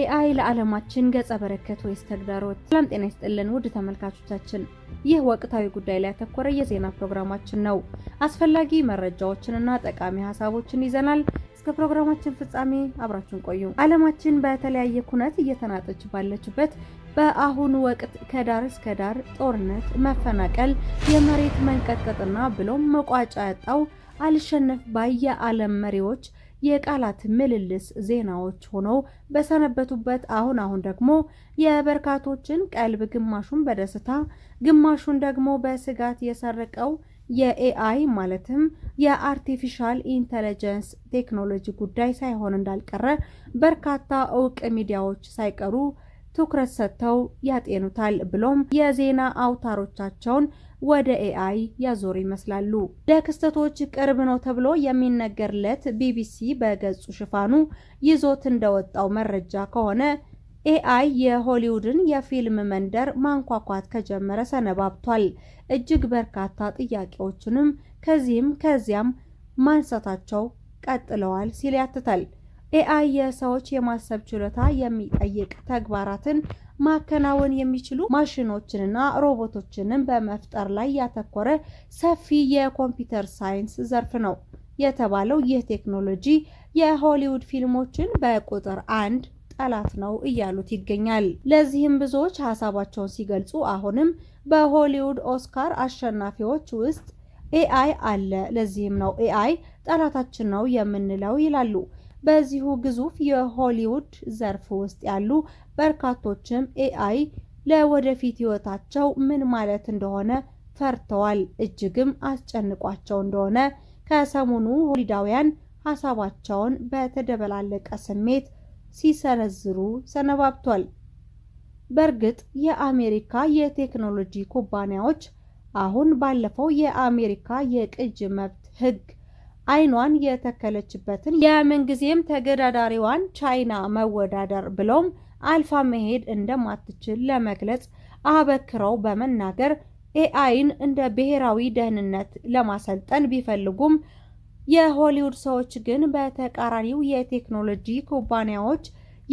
ኤአይ ለዓለማችን ገጸ በረከት ወይስ ተግዳሮት? ሰላም ጤና ይስጥልን ውድ ተመልካቾቻችን፣ ይህ ወቅታዊ ጉዳይ ላይ ያተኮረ የዜና ፕሮግራማችን ነው። አስፈላጊ መረጃዎችንና ጠቃሚ ሀሳቦችን ይዘናል። እስከ ፕሮግራማችን ፍጻሜ አብራችን ቆዩ። ዓለማችን በተለያየ ኩነት እየተናጠች ባለችበት በአሁኑ ወቅት ከዳር እስከ ዳር ጦርነት፣ መፈናቀል፣ የመሬት መንቀጥቀጥና ብሎም መቋጫ ያጣው አልሸነፍ ባየ የዓለም መሪዎች የቃላት ምልልስ ዜናዎች ሆነው በሰነበቱበት አሁን አሁን ደግሞ የበርካቶችን ቀልብ ግማሹን በደስታ ግማሹን ደግሞ በስጋት የሰረቀው የኤአይ ማለትም የአርቲፊሻል ኢንተለጀንስ ቴክኖሎጂ ጉዳይ ሳይሆን እንዳልቀረ በርካታ እውቅ ሚዲያዎች ሳይቀሩ ትኩረት ሰጥተው ያጤኑታል። ብሎም የዜና አውታሮቻቸውን ወደ ኤአይ ያዞሩ ይመስላሉ። ለክስተቶች ቅርብ ነው ተብሎ የሚነገርለት ቢቢሲ በገጹ ሽፋኑ ይዞት እንደወጣው መረጃ ከሆነ ኤአይ የሆሊውድን የፊልም መንደር ማንኳኳት ከጀመረ ሰነባብቷል። እጅግ በርካታ ጥያቄዎችንም ከዚህም ከዚያም ማንሳታቸው ቀጥለዋል ሲል ያትታል። ኤአይ የሰዎች የማሰብ ችሎታ የሚጠይቅ ተግባራትን ማከናወን የሚችሉ ማሽኖችንና ሮቦቶችንም በመፍጠር ላይ ያተኮረ ሰፊ የኮምፒውተር ሳይንስ ዘርፍ ነው የተባለው ይህ ቴክኖሎጂ የሆሊውድ ፊልሞችን በቁጥር አንድ ጠላት ነው እያሉት ይገኛል። ለዚህም ብዙዎች ሀሳባቸውን ሲገልጹ አሁንም በሆሊውድ ኦስካር አሸናፊዎች ውስጥ ኤአይ አለ፣ ለዚህም ነው ኤአይ ጠላታችን ነው የምንለው ይላሉ። በዚሁ ግዙፍ የሆሊውድ ዘርፍ ውስጥ ያሉ በርካቶችም ኤአይ ለወደፊት ህይወታቸው ምን ማለት እንደሆነ ፈርተዋል፣ እጅግም አስጨንቋቸው እንደሆነ ከሰሞኑ ሆሊዳውያን ሀሳባቸውን በተደበላለቀ ስሜት ሲሰነዝሩ ሰነባብቷል። በእርግጥ የአሜሪካ የቴክኖሎጂ ኩባንያዎች አሁን ባለፈው የአሜሪካ የቅጂ መብት ህግ። አይኗን የተከለችበትን የምንጊዜም ተገዳዳሪዋን ቻይና መወዳደር ብሎም አልፋ መሄድ እንደማትችል ለመግለጽ አበክረው በመናገር ኤአይን እንደ ብሔራዊ ደህንነት ለማሰልጠን ቢፈልጉም የሆሊውድ ሰዎች ግን በተቃራኒው የቴክኖሎጂ ኩባንያዎች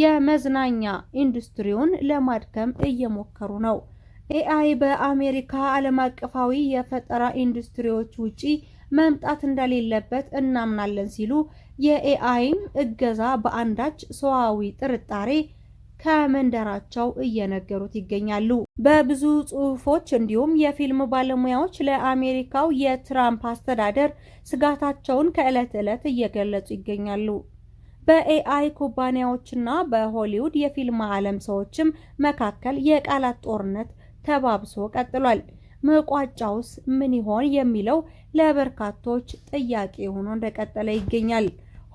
የመዝናኛ ኢንዱስትሪውን ለማድከም እየሞከሩ ነው። ኤአይ በአሜሪካ ዓለም አቀፋዊ የፈጠራ ኢንዱስትሪዎች ውጪ መምጣት እንደሌለበት እናምናለን ሲሉ የኤአይም እገዛ በአንዳች ሰዋዊ ጥርጣሬ ከመንደራቸው እየነገሩት ይገኛሉ። በብዙ ጽሁፎች እንዲሁም የፊልም ባለሙያዎች ለአሜሪካው የትራምፕ አስተዳደር ስጋታቸውን ከዕለት ዕለት እየገለጹ ይገኛሉ። በኤአይ ኩባንያዎችና በሆሊውድ የፊልም ዓለም ሰዎችም መካከል የቃላት ጦርነት ተባብሶ ቀጥሏል። መቋጫውስ ምን ይሆን የሚለው ለበርካቶች ጥያቄ ሆኖ እንደቀጠለ ይገኛል።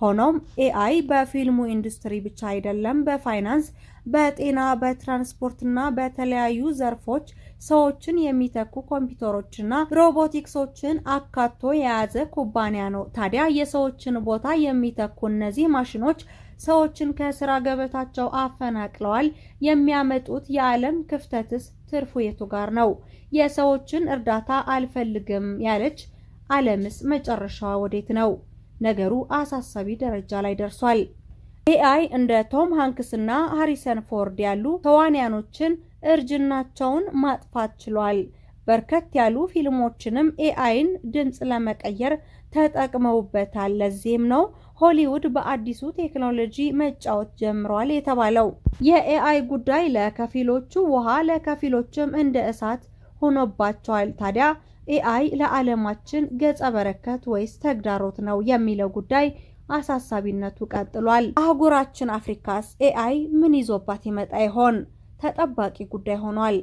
ሆኖም ኤአይ በፊልሙ ኢንዱስትሪ ብቻ አይደለም፣ በፋይናንስ፣ በጤና፣ በትራንስፖርት እና በተለያዩ ዘርፎች ሰዎችን የሚተኩ ኮምፒውተሮችና ሮቦቲክሶችን አካቶ የያዘ ኩባንያ ነው። ታዲያ የሰዎችን ቦታ የሚተኩ እነዚህ ማሽኖች ሰዎችን ከስራ ገበታቸው አፈናቅለዋል። የሚያመጡት የዓለም ክፍተትስ ትርፉ የቱ ጋር ነው? የሰዎችን እርዳታ አልፈልግም ያለች ዓለምስ መጨረሻዋ ወዴት ነው? ነገሩ አሳሳቢ ደረጃ ላይ ደርሷል። ኤአይ እንደ ቶም ሃንክስና ሃሪሰን ፎርድ ያሉ ተዋንያኖችን እርጅናቸውን ማጥፋት ችሏል። በርከት ያሉ ፊልሞችንም ኤአይን ድምፅ ለመቀየር ተጠቅመውበታል። ለዚህም ነው ሆሊውድ በአዲሱ ቴክኖሎጂ መጫወት ጀምሯል የተባለው የኤአይ ጉዳይ ለከፊሎቹ ውሃ ለከፊሎችም እንደ እሳት ሆኖባቸዋል። ታዲያ ኤአይ ለዓለማችን ገጸ በረከት ወይስ ተግዳሮት ነው የሚለው ጉዳይ አሳሳቢነቱ ቀጥሏል። አህጉራችን አፍሪካስ ኤአይ ምን ይዞባት ይመጣ ይሆን? ተጠባቂ ጉዳይ ሆኗል።